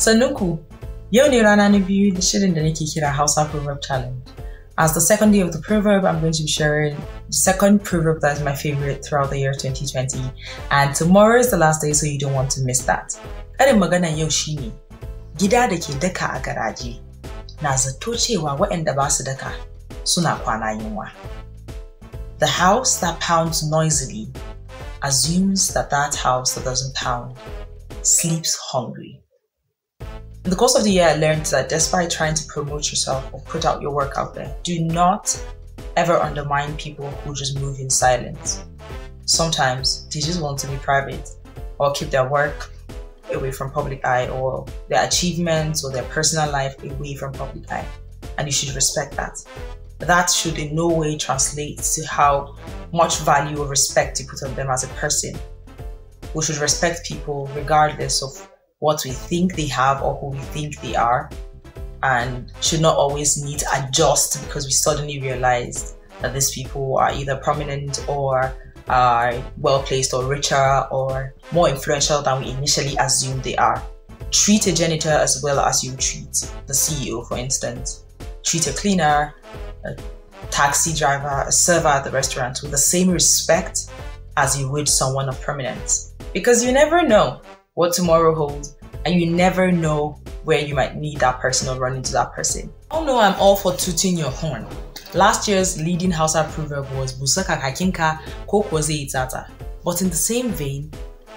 Sannu ku, yau ne rana na biyu da shirin da nake kira Hausa Proverb Challenge. As the second day of the proverb, I'm going to be sharing the second proverb that is my favorite throughout the year 2020. And tomorrow is the last day, so you don't want to miss that. Karin magana yau shine gida da ke daka a garaje na zato cewa waɗanda ba su daka suna kwana yunwa. The house that pounds noisily assumes that that house that doesn't pound sleeps hungry. In the course of the year, I learned that despite trying to promote yourself or put out your work out there, do not ever undermine people who just move in silence. Sometimes they just want to be private or keep their work away from public eye or their achievements or their personal life away from public eye. And you should respect that. That should in no way translate to how much value or respect you put on them as a person. We should respect people regardless of what we think they have or who we think they are and should not always need to adjust because we suddenly realize that these people are either prominent or are well placed or richer or more influential than we initially assumed they are. Treat a janitor as well as you treat the CEO, for instance. Treat a cleaner, a taxi driver, a server at the restaurant with the same respect as you would someone of prominence. Because you never know, what tomorrow holds, and you never know where you might need that person or run into that person. Oh no, I'm all for tooting your horn. Last year's leading Hausa proverb was Busaka Kakinka Kokwaze Itata. But in the same vein,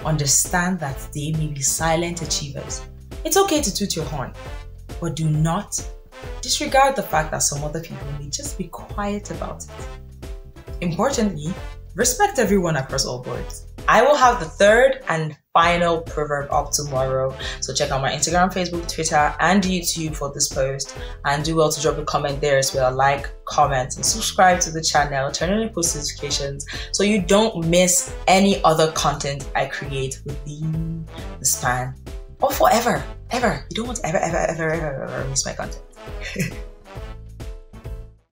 understand that they may be silent achievers. It's okay to toot your horn, but do not disregard the fact that some other people may just be quiet about it. Importantly, respect everyone across all boards. I will have the third and final proverb up tomorrow. So check out my Instagram, Facebook, Twitter, and YouTube for this post. And do well to drop a comment there as well. Like, comment, and subscribe to the channel. Turn on your post notifications so you don't miss any other content I create within the span or forever. Ever. You don't want to ever, ever, ever, ever, ever miss my content.